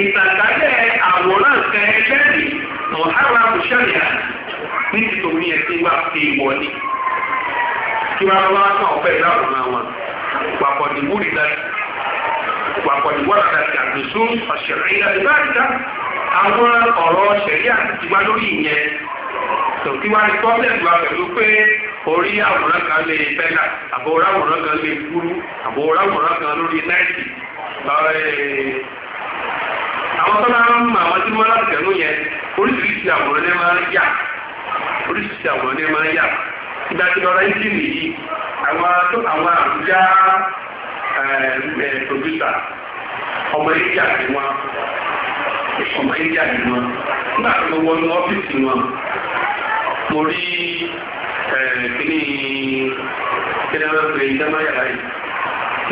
ìtàkálẹ̀ àwòrán kan ẹlẹ́rìí mọ̀hárà bùṣẹ́lìà ní tìtòmí ẹ̀sìn wá fi wọlé kí wọ́n wá kàn ọ̀fẹ́ ìdáàbòmọ́ wọn papọ̀ ní múlì dájú papọ̀ ní wọ́n àti àgbèsú ọ̀ṣẹ̀rẹ̀ ilẹ̀ ìbáàdá àwọn ọ̀rọ̀ ṣẹ̀rí àti wá lórí ìyẹn tòkí wá ní pọ́blẹ̀tì wa pẹ̀lú pé orí àwòrán kan lè fẹ́lá àbòrán àwòrán kan lè burú àbòrán àwòrán kan lórí náìtì àwọn tó máa ń mọ àwọn tí wọ́n láti tẹ̀lú yẹn oríṣiríṣi àwòrán ní máa ń yà oríṣiríṣi àwòrán ní máa ń yà ìgbà tí lọ́ra yìí nìyí àwọn àwọn àbújá eh, eh, pòdúsà ọmọ india ni wọn ọmọ india ni wọn nígbà tí mo wọnú ọ́fíìsì wọn mo rí kíní kíní ọ̀rọ̀ pé ìjọba yàrá yìí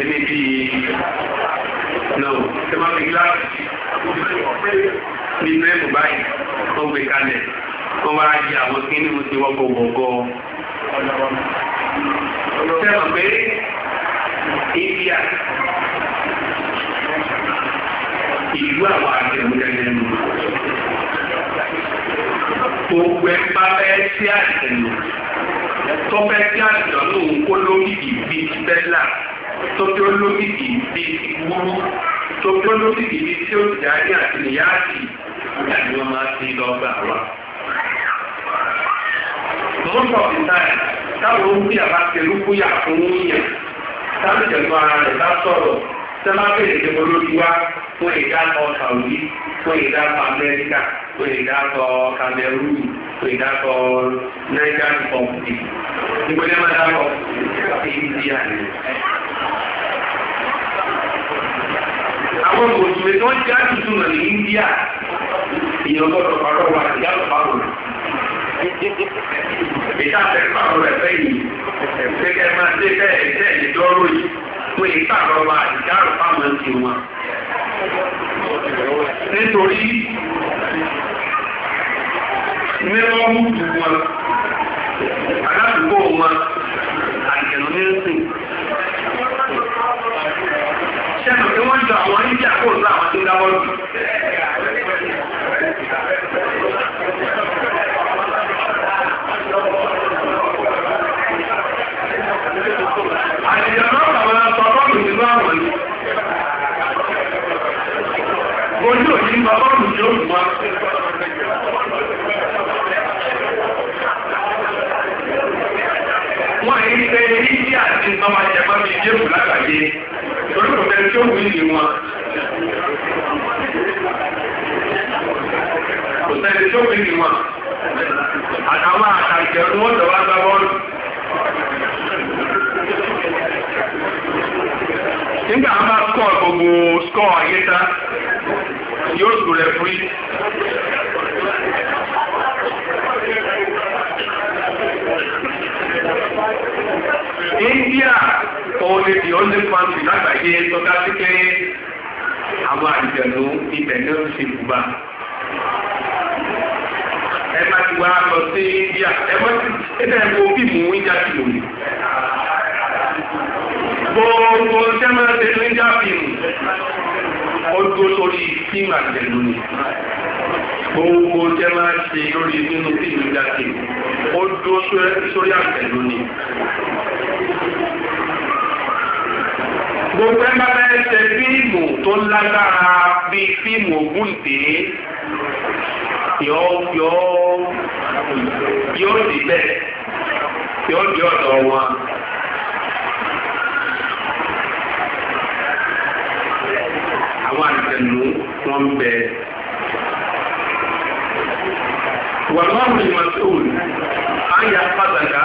kíní bíi náà ṣe máa fi gíláàsì nínú ẹ̀mù báyìí wọ́n gbé kalẹ̀ wọ́n wá jẹ àwọn kíní mo ti wọ́pọ̀ gbọ̀ngọ́ sẹ́wọ̀n pé india ìlú àwọn àjẹmúdẹ́lẹ́ nù gbogbo ẹ̀ bá fẹ́ sí àjẹmú tọ́fẹ́ sí àjẹmú lòun kó lórí ìbí bẹ́là tọ́jú lórí ìbí burú tó pọ́n lórí ìdí tí ó jà ní àti nìyáàtì nígbà ni wọ́n máa fi lọ́gbà wa. Most of the time, táwọn ohun yàrá pẹ̀lú kúyà fún yíyàn, táwọn ìjẹ̀nu ara rẹ̀ bá sọ̀rọ̀, sẹ́lá bèrè tí mo lórí wá fún ìdákọ̀ Saudi, fún ìdákọ̀ Amẹ́ríkà, fún ìdákọ̀ Cameroon, fún ìdákọ̀ Niger Republic. Nígbà tí wọ́n máa dákọ̀ India ni àwọn mùsùlùmí tí wọ́n já tuntun nà ní India ìyẹn ọgọ́dọ̀ parọ́ wa ìyá ọ̀pá wò lọ. ìta àtẹ̀kọ́ àwọn ẹ̀fẹ́ yìí gẹ́gẹ́ máa dé bẹ́ẹ̀ bẹ́ẹ̀ ní dọ́rọ̀ yìí pé ìta àrọ̀ wa ìyá ọ̀pá wò ti wọn. nítorí mímọ́ mútu wọn aládùúgbò wọn àjẹ̀nù ní ń sẹ́nu tí wọ́n jọ àwọn kó nínú àwọn tó dáwọ́ bọ́ọ̀lù nínú yìí. ń bá ní bí àti ìgbọ́n máa jẹ́ bá mi dé òkú lágbàáyé. lórí òfin tí ó wù í ni tí ó pèsè wọn àtàwọn àtàjẹ̀ ọdún wọ́n tọ́wọ́ gbá bọ́ọ̀lù nígbà wọn bá kọ́ gbogbo skọ́ àyíká yóò sùn rẹ̀ fún yìí. India òun ni the only country lágbàáyé tó dá sí pé àwọn àjẹ̀lú ibẹ̀ ní oṣù Cuba ẹ má ti wá lọ sí India ẹ má ti ẹ náà wo fíìmù India ti lò ní. gbogbo sẹ́mọ̀ ṣe ní India fíìmù ó dúró sórí fíìmù àtẹ̀lú ni gbogbo sẹ́mọ̀ ṣe lórí nínú fíìmù India fíìmù ó dúró sórí àtẹ̀lú ni. gbogbo ẹ bá fẹ́ ṣe fíìmù tó lágbára bíi fíìmù ògúnté yóò yóò yóò dì bẹ́ẹ̀ yóò di ọ̀dọ̀ wọn. àwọn àjẹnù wọn ń bẹ. wàlúwà wùdí màsíwòn á yà pàtàkì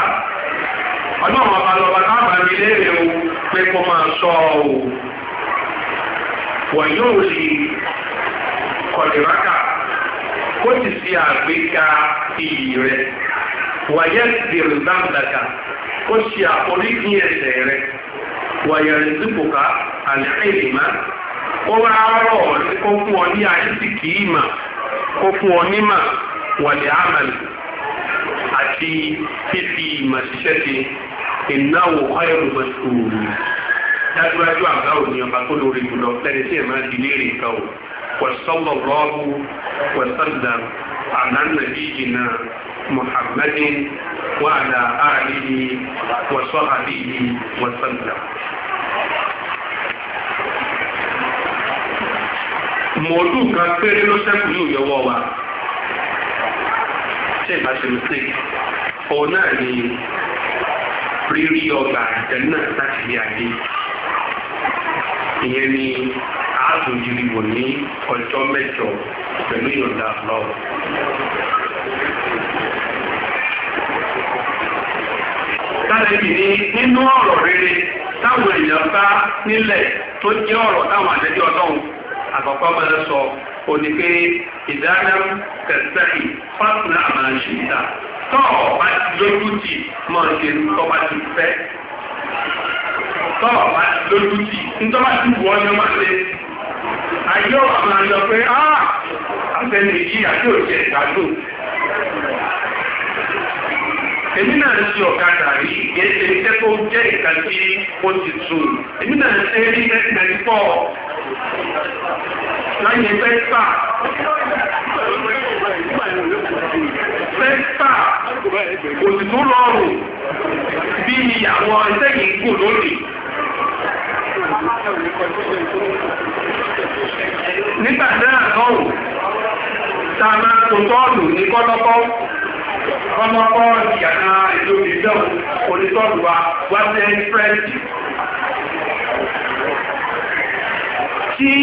ọlọ́run ọba lọ́ba náà bá mi léèrè o pé kó máa sọ ọ́ wọ̀n yóò lè kọ̀dìrákà kó sì ṣe àgbéga iyì rẹ̀ wàyẹ̀ bèrè dáńdàkà kó ṣe àforíjì ẹ̀ṣẹ̀ rẹ̀ wàyẹ̀ rẹ̀ sípòkà àlẹ́kẹ̀lẹ́mà ó wá rọ̀ kó fún ọ ní àìsíkì ìmà kó fún ọ nímà wàlẹ̀ àmàlì àti fífi ìmọ̀ ṣiṣẹ́ ṣe ìnáwó ọ̀yọ́dún mọ́ṣúrù dájúdájú àgbà ò ní ọba tó lórí jùlọ lẹ́ni tí ẹ̀ máa di léèrè nǹkan o wọ́sọ́lọ̀ rọ́ọ̀bù wọ́sọ́lọ̀ ànánàbí ìnà muhammadin wàhálà àríyí wọ́sọ́ àríyí wọ́sọ́lọ̀. mọ̀ọ́dún kan péré ló sẹ́kù yóò yọwọ́ wa ṣé ìbáṣe mistake òun náà ni rírí ọgbà àjẹ náà láti lé adé ìyẹn ni àádùnjìlìwò ní ọjọ́ mẹ́jọ pẹ̀lú ìyọ̀ǹda lọ. Tálẹ́bì ni nínú ọ̀rọ̀ rere táwọn èèyàn bá nílẹ̀ tó jẹ́ ọ̀rọ̀ táwọn àdẹ́jọ́ ọlọ́run àkọ́kọ́ máa sọ òní pé ìdáná kẹsẹ́kì fásitì àmàlà ṣì ń dà tọ́ọ̀ bá ti lójú tì mọ̀ ṣe tọ́ bá ti fẹ́ tọ́ọ̀ bá ti lójú tì ńtọ́ bá ti wọ́ ọjọ́ máa ṣe àjọ àwọn àjọ pé á ah, àfẹnù yìí àjọ òjẹ ìgbádùn èmi náà ń ṣe ọ̀kadà rí ìgbésẹ̀ iṣẹ́ tó jẹ́ ìka tí ó ti tù èmi náà ń ṣe rí ẹgbẹ̀rún pọ̀ láyé fẹ́ sà kò sì tún rọrùn bí àwọn iṣẹ́ yìí kò lónìí. nígbà náà náà ta máa tó tọ́ọ̀lù ní kọ́lọ́kọ́ kọ́lọ́kọ́ ìyànà ètò ìdánwò onítọ́ọ̀lù wa wá sí ẹni fẹ́ǹtì. tí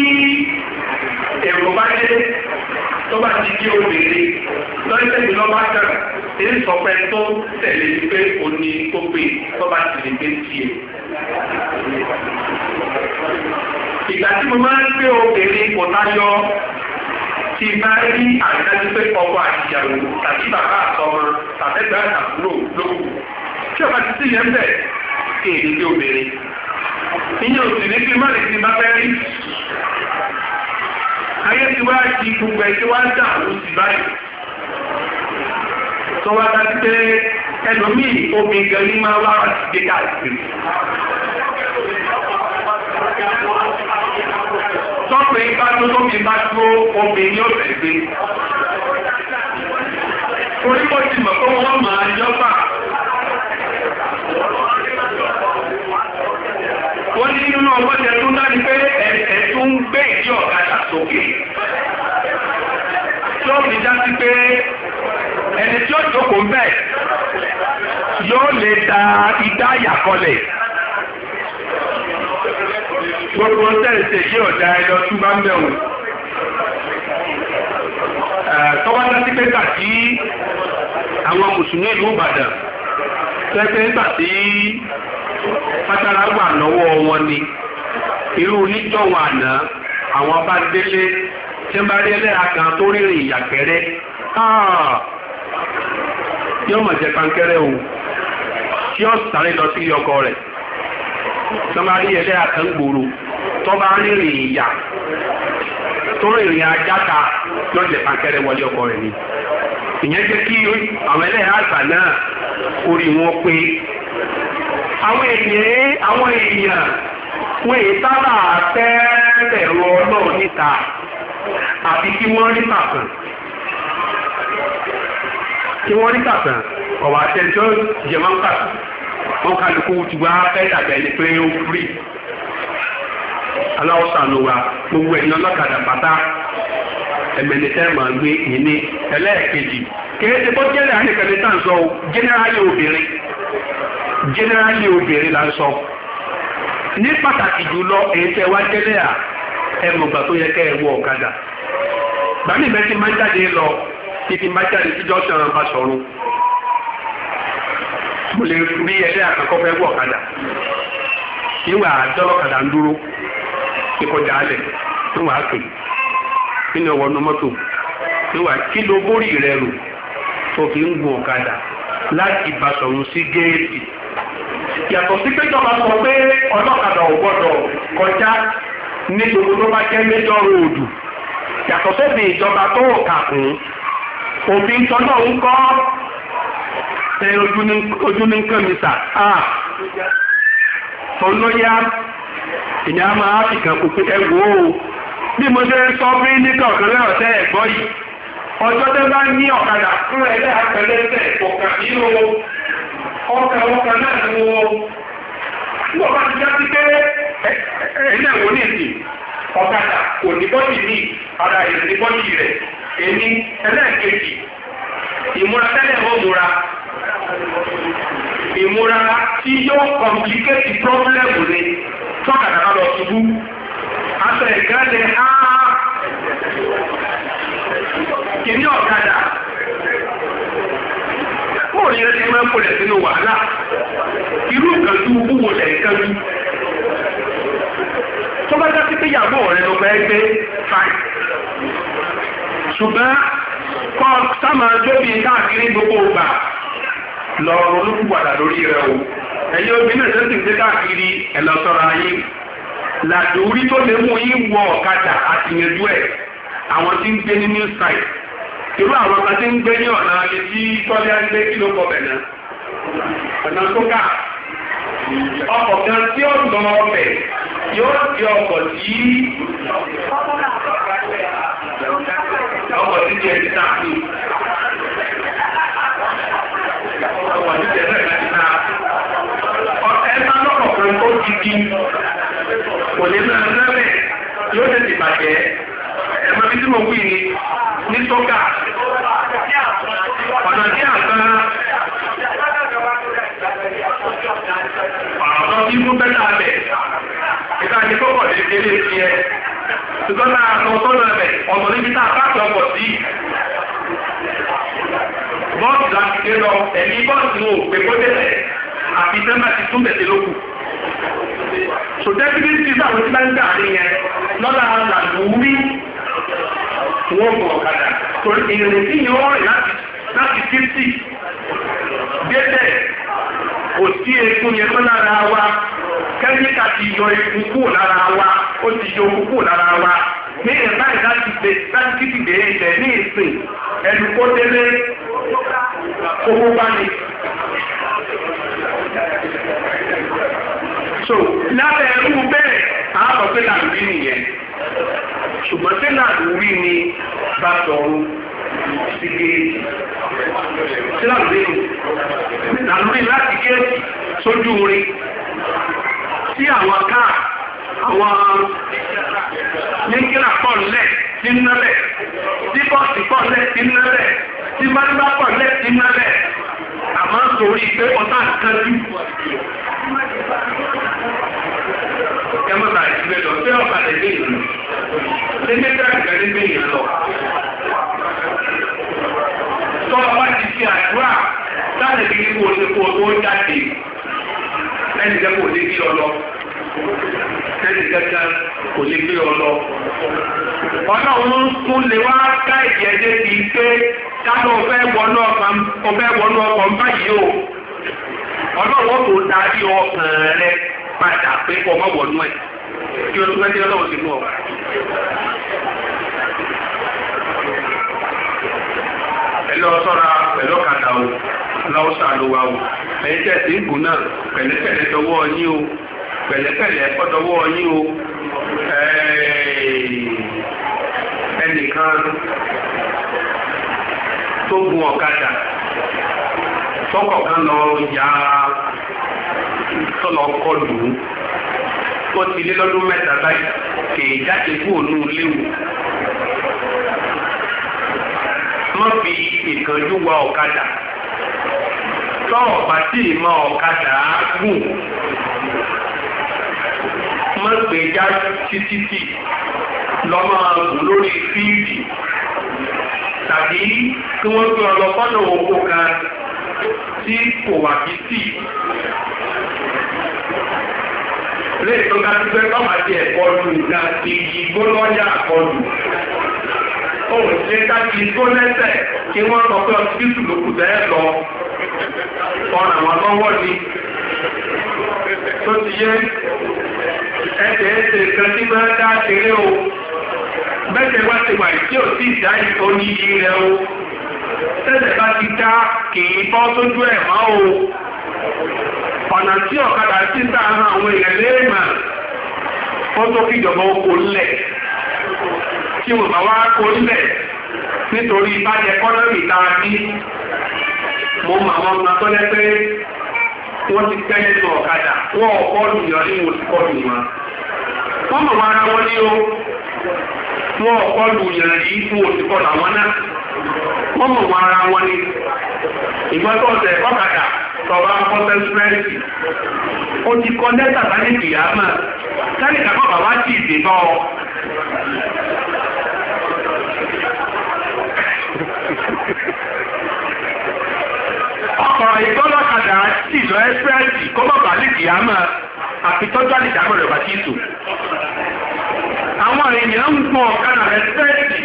èrò bá dé tó bá ti di obìnrin lọ́sẹ̀ ìlọ́bá tẹ̀lé èyí sọ pé tó tẹ̀lé pé o ní tó pé tó bá ti lè gbé tiẹ̀. E. ìgbà tí mo máa ń gbé obìnrin kò táyọ ti bá rí àrídájú pé ọkọ àtìyàwó tàbí bàbá àtọmọ tàbẹ́gbẹ́ àtàkùrò lókù tí ọba ti sí yẹn bẹ̀ kí èdè gbé obìnrin ìyẹn ò sì ní kí má lè ti bá fẹ́ rí ayé ti wá di gbogbo ẹ̀ tí wá dà ó sì báyìí tó wá dá sí pé ẹlòmíì omi gan ní máa wá wá sí gbé káàkiri. tọ́pẹ̀ bá tó tóbi bá tó omi ní ọ̀fẹ́ gbé. orí mo ti mọ̀ pé wọ́n máa yọ́pà. wọ́n ní nínú ọgbọ́n tẹ tó dáni pé ẹ̀ tó ń gbé ìdí ọ̀kadà sókè. tó fi dá sí pé tí ó jókòó ń bẹ̀ yóò lè da idá àyàkọlẹ̀ gbogbo tẹ̀sẹ̀ yí ọ̀dà ẹlọ tún bá ń bẹ̀ wò tọ́wọ́ dásí pé gbà tí àwọn mùsùlùmí ìlú Ìbàdàn tẹ́tẹ́ gbà tí pátára wà lọ́wọ́ wọn ni irú oníjọ́wọ̀n àná àwọn bá délé tí ń bá rí ẹlẹ́ra kan tó rírìn ìyàgbẹ́rẹ́ tí ó máa jẹ pankẹ́rẹ́ òun tí ó sáré lọ sí ọkọ rẹ̀ tó máa rí ẹlẹ́ àtẹ́gbòrò tó bá rìnrìn ìyà tó rìnrìn ajáta yóò jẹ pankẹ́rẹ́ wọlé ọkọ rẹ̀ ni ìyẹn jẹ́ kí àwọn ẹlẹ́ àgbà náà orí wọn pé àwọn ènìyàn àwọn èèyàn wọ́n èyí sábà fẹ́ẹ́ bẹ̀rù ọlọ́ọ̀ níta àfi kí wọ́n rí pàkàn kí wọ́n rí kàtàn ọ̀wà àtẹ̀jọ́ jẹ̀mọ́ ń kàtàn wọ́n kálukú ti wá fẹ́ dàbẹ̀ ni pé ó fúri aláwọ̀sà ló wa gbogbo ẹ̀yin ọlọ́kadà pátá ẹ̀mẹ̀nìtẹ́ máa gbé yìí ní ẹlẹ́ẹ̀kejì kéde bó jẹ́lẹ̀ àyẹ̀kẹ́lẹ́ tá à ń sọ o jẹ́nẹ́rálì obìnrin jẹ́nẹ́rálì obìnrin là ń sọ ní pàtàkì jùlọ èyí tẹ́ wá jẹ́lẹ̀ à ẹ̀ mọ̀gbà tó yẹ kẹ́ ẹ wọ ọ̀kadà gbàmí mẹ́tí máa ń jáde lọ títí májáde tíjọ́ tí ọ̀rọ̀ bá sọ̀rọ̀ mo lè rí ẹgbẹ́ àkọ́kọ́ fẹ́ wọ̀ kadà níwà àjọlọ́kadà ń dúró ìkọjá alẹ̀ níwà àpè nínú ọwọ́nú mọ́tò níwà kí bórí tó fi ń gun ọ̀kadà láti Ìbàṣọ̀run sí géètì yàtọ̀ sí sọ pé ọlọ́kadà ò gbọ́dọ̀ kọjá nítorí tó bá jẹ́ méjọ́ ròdù yàtọ̀ òfin tọ́lọ̀ ń kọ́ ẹ ojú ní nǹkan mi sà á olóyá ìyá máa fi kàn kò pé ẹgbò ó bí mo ṣe sọ bí ní kọ̀ọ̀kan lẹ́rọ̀ tẹ́ ẹ̀gbọ́ yìí ọjọ́ tẹ́ bá ní ọ̀kadà fún ẹgbẹ́ àpẹẹlẹ́sẹ̀ ọ̀kà nínú ọkà ọkà náà ní wọn wọ́n bá ti já sí pé ẹ̀ẹ́dẹ̀wò ní ìsìn ọ̀kadà kò ní bọ́ọ̀lì ní ara ìrìn ní bọ́ọ̀lì rẹ̀ èmi ẹlẹ́ẹ̀kejì ìmúra tẹ́lẹ̀ ó múra ìmúra tí yóò complicate problem ni tọ́kàtà bá lọ ṣubú aṣọ ìgbàlẹ̀ á kìíní ọ̀kadà fóònù yẹn ti máa ń kọlẹ̀ sínú wàhálà irú nǹkan tó wúwo lẹ̀ ń kánú tó bá dá sí pé ìyàwó rẹ̀ ló fẹ́ gbé fáì ṣùgbọ́n kọ́ sáma lóbi káàkiri gbogbo ìgbà lọ ronúkúwàdà lórí rẹ̀ o ẹ̀yin obìnrin ẹ̀sẹ̀ sì ń gbé káàkiri ẹ̀lọ́sọ̀rọ̀ ayé làdórí tó lè mú yín wọ ọ̀kadà àtìyànjú ẹ̀ àwọn tí ń gbé ní new site irú àwọn kan tí ń gbé ní ọ̀nà alẹ́ tí tọ́lé ń gbé kí ló kọ bẹ̀ náà ọ̀nà tó kà ọkọ̀ kan tí ó lọ ọbẹ̀ yóò di ọkọ̀ tí ọ̀wọ̀ títí ẹ̀ títà sí. ọ̀wọ̀ títí ẹ̀ títà sí. ọ̀tẹ́ máa lọ́kọ̀ fún ó ti di kò lè máa lẹ́rẹ̀ yóò tètè bàjẹ́ ẹ̀mọ bí tí mo wí ni ní sọ́kà ọ̀nà tí àgbà ọ̀nà tí mú bẹ́tà bẹ̀ ìdájí tó pọ̀ lè délé tiẹ̀ ṣùgbọ́n náà lọ sọ́nà bẹ̀ ọ̀nà níbi tá a bá sí bọ́ọ̀sì láti dé lọ ẹ̀mí bọ́ọ̀sì wọn ò pé kó délẹ̀ àfi sẹ́mbà ti tún bẹ̀tẹ̀ lókù so definitely ti sáwọn tí bá ń gbà ní yẹn lọ́la làlùwí wọn bọ̀ ọ̀kadà torí ìrìn tí yẹn wọ́n rìn láti fifty débẹ̀ kò sí eku yẹn tó lára wa kẹ́míkà ti yọ eku kúrò lára wa ó ti yọ eku kúrò lára wa ní ẹ̀bá ìdá ti gbé sáńkìtì gbé ilẹ̀ ní ìsìn ẹnu kó délé owó bá ní. so lábẹ́ ẹrú bẹ́ẹ̀ àbọ̀ pé làlú rí nìyẹn ṣùgbọ́n tí làlú rí ni bá sọ̀rọ̀ sí géèjì tí làlú rí ni làlú rí láti géèjì sójú rí sí àwọn káà àwọn ń nálẹ̀ tí bọ́ọ̀sì pọ̀ lẹ́ẹ̀tì ń nálẹ̀ tí báńgbá pọ̀ lẹ́ẹ̀tì ń nálẹ̀ àmọ́ sórí pé ọ̀tá kan jù. Ẹmọ́ bàa ìgbẹ́ lọ sí ọ̀bà lẹ́gbẹ́ ìlú. Lẹ́gbẹ́ tí a ti gbẹ́ lẹ́gbẹ́ ìlú lọ. Tọ́lá wá ti fi àdúrà láti fi kí kó o ṣe kó o tó jáde. Ẹnì sẹ́ni kankan kò lè gbé ọ lọ. ọlọ́run tún lè wá ká ìjẹ́ débi pé káàdọ̀ ọ̀fẹ́ wọnú ọkàn ọ̀fẹ́ wọnú ọkàn báyìí o ọlọ́run tó darí ọkàn rẹ padà pé kọ́ ọmọ wọnú ẹ̀ kí o tún fẹ́ dé ọlọ́run sínú ọ. ẹ lọ pẹ̀lú kàdà o lọ́wọ́ sàlùwà o ẹ̀yin tẹ̀sí ń gùn náà pẹ̀lẹ́pẹ̀lẹ́ dọwọ́ yín o pẹ̀lẹ́pẹ̀lẹ́ ọ̀dọ́wọ́ yín o ẹnìkan tó gun ọ̀kadà tọkọ̀ lọ ya tọ́lọ̀ kọlù ó ti lé lọ́dún mẹ́ta báyìí kè é jáde kúrò ní léwu má fi ìkànjú wa ọ̀kadà tọ́ọ̀ tí ì mọ ọ̀kadà gùn mọ́gbẹ́já títí lọ́mọ ọ̀gùn lórí fíìdì tàbí kí wọ́n gbé ọlọ́pọ́nà oko kan tí kò wà bí sí. Lé tó ká ti fẹ́ báwa di ẹ̀kọ́ lu ìgbà ti yí gbólọ́yà àkọlù. Òun ṣe ká ti tó lẹ́sẹ̀ kí wọ́n sọ pé ọsibítù ló kù bẹ́ẹ̀ lọ. Ọ̀ràn wọn lọ́wọ́ ni. Tó ti yé ẹsẹ̀ ẹsẹ̀ kan tí máa dá ṣeré o mẹ́sẹ̀ wá ti wà tí ò sí ìdá oníyí rẹ o tẹ́lẹ̀ bá ti dá kì í bọ́ sójú ẹ̀ mọ́ o ọ̀nà tí ọ̀kadà sí ń dáhà àwọn èèyàn léèmà fọ́tò kíjọba oko ńlẹ̀ tí wọ́n bá wá kó ńlẹ̀ nítorí bá jẹ kọ́lọ́rì tá a ní mo mọ àwọn ọmọ tó lẹ́pẹ́ wọ́n ti kẹ́yẹ́ sọ ọ̀kadà wọ́n ọ̀kọ́ lùyọ̀ ní mo ti kọ́ lù wọn. wọ́n mọ̀ ara wọn ní o wọ́n ọ̀kọ́ lùyọ̀ yìí tí mo ti kọ́ làwọn náà. wọ́n mọ̀ ara wọn ní. ìgbọ́tọ̀ ọ̀sẹ̀ ọ̀kadà sọ̀rọ̀ akọ́sẹ́ o ti kọ́ lẹ́tà sáyẹ̀kì yàrá náà sáyẹ̀kì àkọ́kọ́ wá sì lọ ẹ́sírẹ́ẹ̀tì kó má bàálì kìámà àfi tọ́jú àlìkàmà rẹ̀ bá tíì tò. àwọn èèyàn ń gbọ́n ọ̀kadà ẹ́sírẹ́ẹ̀tì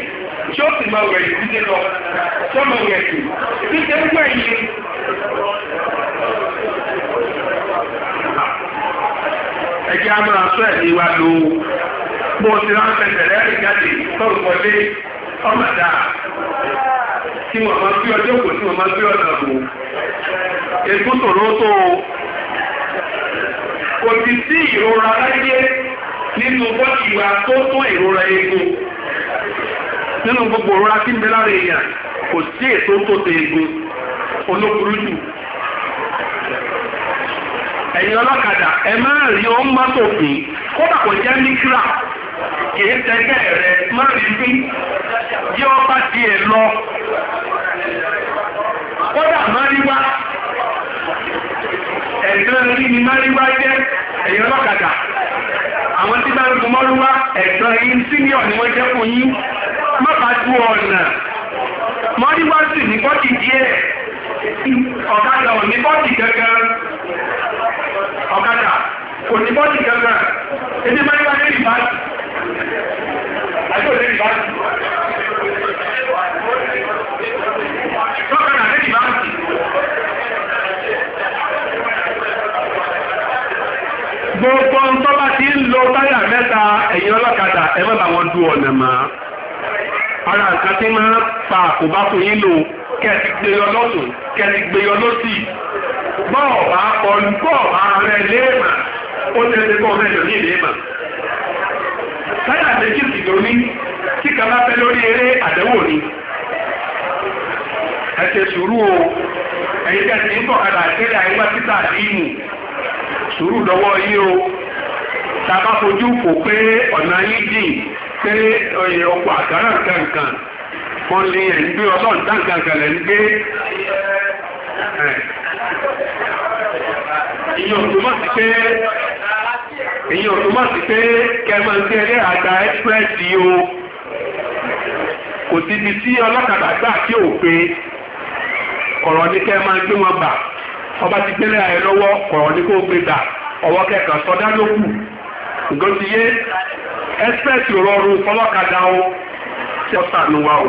tí ó sì máa wẹ̀ ní títí lọ tí ó máa wẹ̀ sí títí ń gbẹ̀ yìí. ẹ̀jẹ̀ á máa sọ ẹ̀mí wa lo bó o ti ránṣẹ́ tẹ̀lé ẹ̀rìn jáde tọ́lùmọ́lé. ọmọ dáa tí wọ́n máa fi ọjọ́ kò tí wọ́n máa fi ọ̀dà ètò tó o kò sì sí ìrora láyé nínú tó tó ìrora nínú gbogbo ìrora tí ń bẹ lára èèyàn kò sí ètò tó olóburú jù ẹ̀yin ọlọ́kadà ẹ máa rí ọ́n yọọba ọba tiẹ̀ lọ kódà máríwá ẹ̀gbọ́n rí ni máríwá jẹ́ ẹ̀yọ́ àwọn tí bá ń gun mọ́rúwá ẹ̀gbọ́n sínìọ̀ ni wọ́n jẹ́ fún yín má bá tú ọ̀nà mọ́ríwá sì ní díẹ̀ ọ̀kadà ebi máríwá ń tọ́ bá ti ń lo táyà mẹ́ta ẹ̀yìn ọlọ́kadà ẹ má bá wọn du ọ̀nà mọ́ ara nǹkan tí máa pa àkóbá fún yín lò kẹ́ẹ̀tì gbé yọ lọ́tún kẹ́ẹ̀tì gbé yọ lọ́sì bọ́ọ̀ bá kọlu bọ́ọ̀ bá rẹ léèmà ó ti ṣe kọ́ mẹ́jọ ní léèmà táyà méjì sì lóní tí kan bá fẹ́ lórí eré àdẹ́wò ni ẹ ṣe sùúrù o ẹ̀yin tẹ̀sí ń bọ̀ tàbá fojú kò pé ọ̀nà yín jìn pé oyè ọkọ̀ àkàrà kankan wọn lè ẹ̀ ń gbé ọlọ́run tán kankan lẹ̀ ń gbé pé ń tẹ́lẹ̀ àgbà o kò tí ọlọ́kadà ọba ti gbélé lọ́wọ́ kọ̀rọ̀ ní kó gbé gbà ọwọ́ ǹkan ti yé ẹ́sẹ̀tì rọrùn fọlọ́kadà o tí ọ̀sán ló wá o.